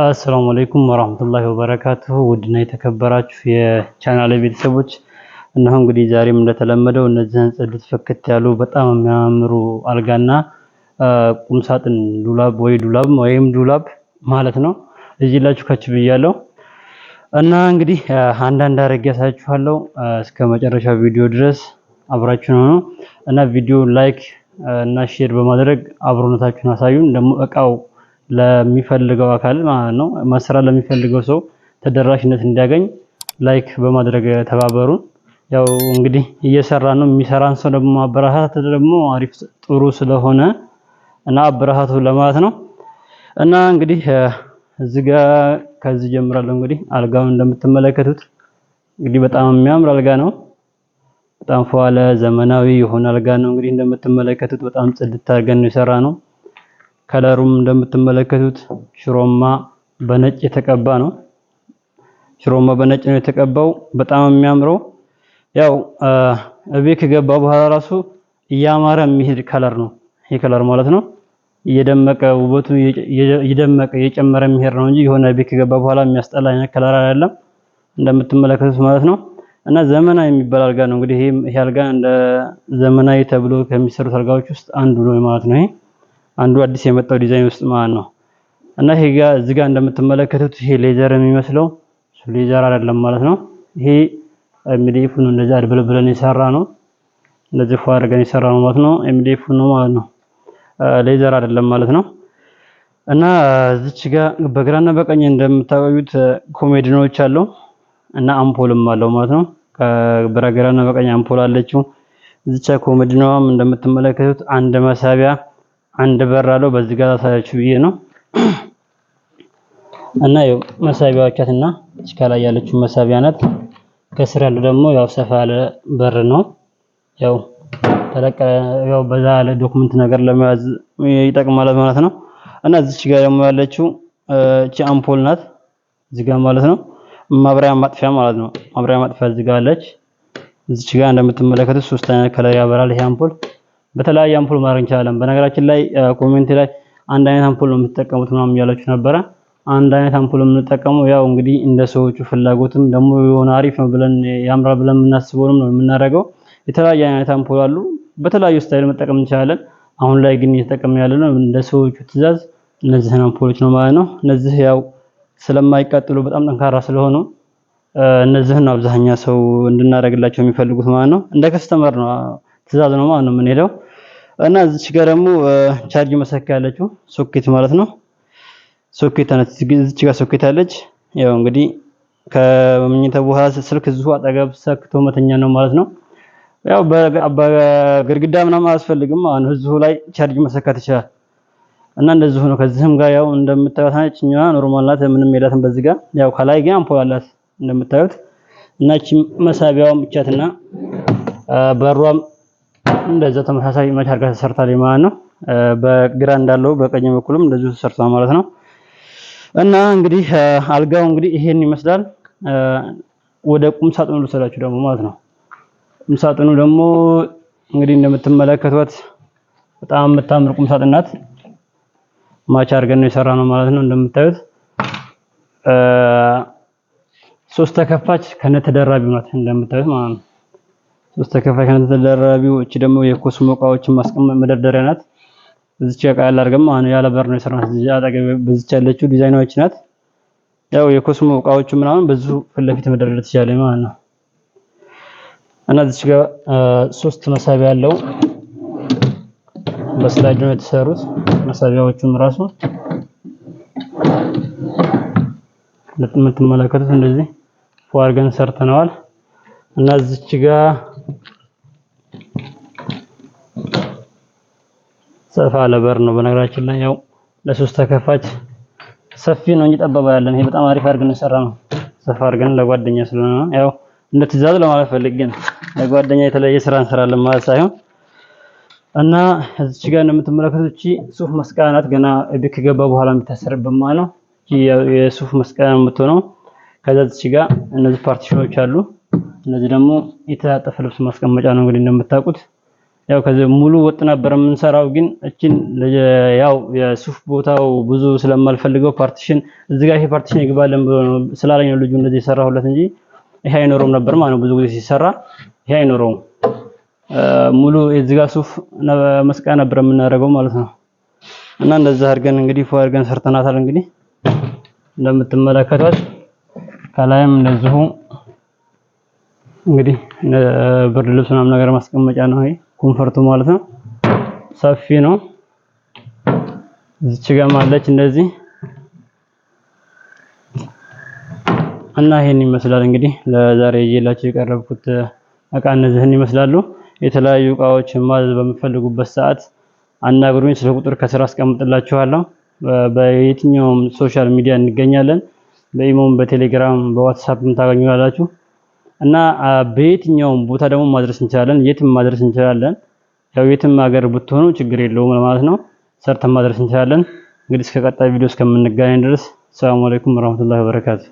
አሰላሙ አለይኩም ወራህመቱላሂ ወበረካቱሁ ውድና የተከበራችሁ የቻናል ቤተሰቦች እነሆ እንግዲህ ዛሬም እንደተለመደው እነዚህን ጽዱት ፍክት ያሉ በጣም የሚያምሩ አልጋና ቁምሳጥን ዱላብ ወይ ዱላብ ወይም ዱላብ ማለት ነው እዚላችሁ ከች ብያለሁ እና እንግዲህ አንዳንድ አረግ ያሳያችኋለሁ እስከ መጨረሻ ቪዲዮ ድረስ አብራችሁን ሆኖ እና ቪዲዮ ላይክ እና ሼር በማድረግ አብሮነታችሁን አሳዩን ደግሞ እቃው ለሚፈልገው አካል ማለት ነው፣ መስራት ለሚፈልገው ሰው ተደራሽነት እንዲያገኝ ላይክ በማድረግ ተባበሩን። ያው እንግዲህ እየሰራ ነው። የሚሰራን ሰው ደግሞ ማበረታት ደግሞ አሪፍ ጥሩ ስለሆነ እና አበረታቱ ለማለት ነው። እና እንግዲህ እዚህ ጋር ከዚህ ጀምራለሁ። እንግዲህ አልጋውን እንደምትመለከቱት እንግዲህ በጣም የሚያምር አልጋ ነው። በጣም ፈዋለ ዘመናዊ የሆነ አልጋ ነው። እንግዲህ እንደምትመለከቱት በጣም ጽድት አድርገን ነው የሰራ ነው። ከለሩም እንደምትመለከቱት ሽሮማ በነጭ የተቀባ ነው። ሽሮማ በነጭ ነው የተቀባው። በጣም የሚያምረው ያው እቤት ከገባ በኋላ ራሱ እያማረ የሚሄድ ከለር ነው። ይሄ ከለር ማለት ነው እየደመቀ ውበቱ እየደመቀ እየጨመረ የሚሄድ ነው እንጂ የሆነ እቤት ከገባ በኋላ የሚያስጠላ አይነት ከለር አይደለም እንደምትመለከቱት ማለት ነው። እና ዘመናዊ የሚባል አልጋ ነው እንግዲህ ይሄ አልጋ እንደ ዘመናዊ ተብሎ ከሚሰሩት አልጋዎች ውስጥ አንዱ ነው ማለት ነው ይሄ አንዱ አዲስ የመጣው ዲዛይን ውስጥ ማለት ነው። እና ይሄ ጋር እዚህ ጋር እንደምትመለከቱት ይሄ ሌዘር የሚመስለው እሱ ሌዘር አይደለም ማለት ነው። ይሄ ኤምዲኤፍ ነው። እንደዚህ ብለን የሰራ ነው። እንደዚህ ፏ አድርገን የሰራ ነው ማለት ነው። ኤምዲኤፍ ነው ማለት ነው። ሌዘር አይደለም ማለት ነው። እና እዚች ጋር በግራና በቀኝ እንደምታቆዩት ኮሜዲኖች አለው እና አምፖልም አለው ማለት ነው። በግራና በቀኝ አምፖል አለችው። እዚች ኮሜዲኖም እንደምትመለከቱት አንድ መሳቢያ አንድ በር አለው። በዚህ ጋር ታሳያችሁ ብዬ ነው እና ያው መሳቢያዎቻትና እስከላይ ያለችው መሳቢያ ናት። ከስር ያለው ደግሞ ያው ሰፋ ያለ በር ነው። ያው ተለቀ ያው በዛ ያለ ዶክመንት ነገር ለመያዝ ይጠቅማል ማለት ነው። እና እዚች ጋር ደግሞ ያለችው እቺ አምፖል ናት እዚህ ጋር ማለት ነው። ማብሪያ ማጥፊያ ማለት ነው። ማብሪያ ማጥፊያ እዚህ ጋር አለች። እዚች ጋር እንደምትመለከቱት ሶስት አይነት ከለር ያበራል ይሄ አምፖል በተለያየ አምፖል ማድረግ እንችላለን። በነገራችን ላይ ኮሜንት ላይ አንድ አይነት አምፖል ነው የምትጠቀሙት ምናምን እያላችሁ ነበረ። አንድ አይነት አምፖል የምንጠቀመው ያው እንግዲህ እንደ ሰዎቹ ፍላጎትም ደግሞ የሆነ አሪፍ ነው ብለን ያምራል ብለን የምናስበውንም ነው የምናደርገው። የተለያየ አይነት አምፖል አሉ። በተለያዩ ስታይል መጠቀም እንችላለን። አሁን ላይ ግን እየተጠቀምን ነው እንደ ሰዎቹ ትዕዛዝ እነዚህን አምፖሎች ነው ማለት ነው። እነዚህ ያው ስለማይቃጥሉ በጣም ጠንካራ ስለሆኑ እነዚህን አብዛኛ ሰው እንድናደርግላቸው የሚፈልጉት ማለት ነው። እንደ ከስተመር ነው ትእዛዝ ነው ማለት ነው የምንሄደው እና እዚች ጋር ደግሞ ቻርጅ መሰኪያ ያለችው ሶኬት ማለት ነው። ሶኬት አነች እዚች ጋር ሶኬት አለች። ያው እንግዲህ ከመኝታ በኋላ ስልክ እዚሁ አጠገብ ሰክቶ መተኛ ነው ማለት ነው። ያው በግድግዳ ምናምን አያስፈልግም። አሁን እዚሁ ላይ ቻርጅ መሰካት ይችላል። እና እንደዚሁ ነው። ከዚህም ጋር ያው እንደምታዩት ነጭኛዋ ኖርማል ናት፣ ምንም የላትም በዚህ ጋር። ያው ከላይ ግን አምፖል አላት እንደምታዩት። እና እቺ መሳቢያዋም ብቻትና በሯም እንደዛ ተመሳሳይ መች አድርጋ ተሰርታለች ማለት ነው። በግራ እንዳለው በቀኝ በኩልም እንደዚሁ ተሰርቷ ማለት ነው። እና እንግዲህ አልጋው እንግዲህ ይሄን ይመስላል። ወደ ቁም ሳጥኑ ልሰላችሁ ደግሞ ማለት ነው። ቁም ሳጥኑ ደግሞ እንግዲህ እንደምትመለከቷት በጣም የምታምር ቁም ሳጥን ናት። ማች አድርገን ነው የሰራ ነው ማለት ነው። እንደምታዩት ሶስት ተከፋች ከነ ተደራቢው ናት እንደምታዩት ማለት ነው። ሶስት ተከፋሽ ናት ተደራቢው። እቺ ደግሞ የኮስሞ እቃዎችን ማስቀመጥ መደርደሪያ ናት። እዚች ቃ ያለ አድርገን አሁን ያለ በር ነው የሰራናት። እዚህ አጠገብ በዚች ያለችው ዲዛይናዎች ናት። ያው የኮስሞ እቃዎቹ ምናምን በዙ ፊት ለፊት መደርደር ትችላለች ማለት ነው። እና እዚች ጋር ሶስት መሳቢያ ያለው በስላይድ ነው የተሰሩት መሳቢያዎቹም ራሱ የምትመለከቱት እንደዚህ ፎ አድርገን ሰርተነዋል እና እዚች ጋር ሰፋ ለበር ነው። በነገራችን ላይ ያው ለሶስት ተከፋች ሰፊ ነው እንጂ ጠባብ አይደለም። ይሄ በጣም አሪፍ አድርገን የሰራ ነው። ሰፋ አድርገን ለጓደኛ ስለሆነ ያው እንደ ትዕዛዝ ለማለት ለጓደኛ የተለየ ስራ እንሰራለን ማለት ሳይሆን እና እዚች ጋር እንደምትመለከቱት እቺ ሱፍ መስቀያ ናት። ገና እቤት ከገባ በኋላ የምታሰርበት ማለት ነው። የሱፍ መስቀያ ነው የምትሆነው። ከዛ እዚች ጋር እነዚህ ፓርቲሽኖች አሉ። እነዚህ ደግሞ የተጣጠፈ ልብስ ማስቀመጫ ነው እንግዲህ እንደምታውቁት ያው ከዚህ ሙሉ ወጥ ነበር የምንሰራው፣ ግን እቺን ያው የሱፍ ቦታው ብዙ ስለማልፈልገው ፓርቲሽን እዚህ ጋር ይሄ ፓርቲሽን ይግባልን ብሎ ነው ስላለኝ ነው ልጁ እንደዚህ የሰራሁለት እንጂ ይሄ አይኖረውም ነበር ማለት ነው። ብዙ ጊዜ ሲሰራ ይሄ አይኖረውም። ሙሉ እዚህ ጋር ሱፍ መስቀያ ነበር የምናደርገው ማለት ነው። እና እንደዛ አድርገን እንግዲህ ፎ አድርገን ሰርተናታል። እንግዲህ እንደምትመለከቷት ከላይም እንደዚሁ እንግዲህ ብርድ ልብስ ምናምን ነገር ማስቀመጫ ነው ይሄ ኮንፈርቱ ማለት ነው። ሰፊ ነው። እዚች ጋም አለች እንደዚህ እና ይሄን ይመስላል እንግዲህ ለዛሬ ይዤላችሁ የቀረብኩት እቃ እነዚህን ይመስላሉ። የተለያዩ እቃዎች ማዘዝ በሚፈልጉበት ሰዓት አናግሩኝ። ስለ ቁጥር ከስራ አስቀምጥላችኋለሁ። በየትኛውም ሶሻል ሚዲያ እንገኛለን። በኢሞም፣ በቴሌግራም፣ በዋትሳፕም ታገኙናላችሁ። እና በየትኛውም ቦታ ደግሞ ማድረስ እንችላለን፣ የትም ማድረስ እንችላለን። ያው የትም ሀገር ብትሆኑ ችግር የለውም ለማለት ነው። ሰርተን ማድረስ እንችላለን። እንግዲህ እስከ ቀጣይ ቪዲዮ እስከምንገናኝ ድረስ ሰላም አለይኩም ወራህመቱላሂ ወበረካቱ።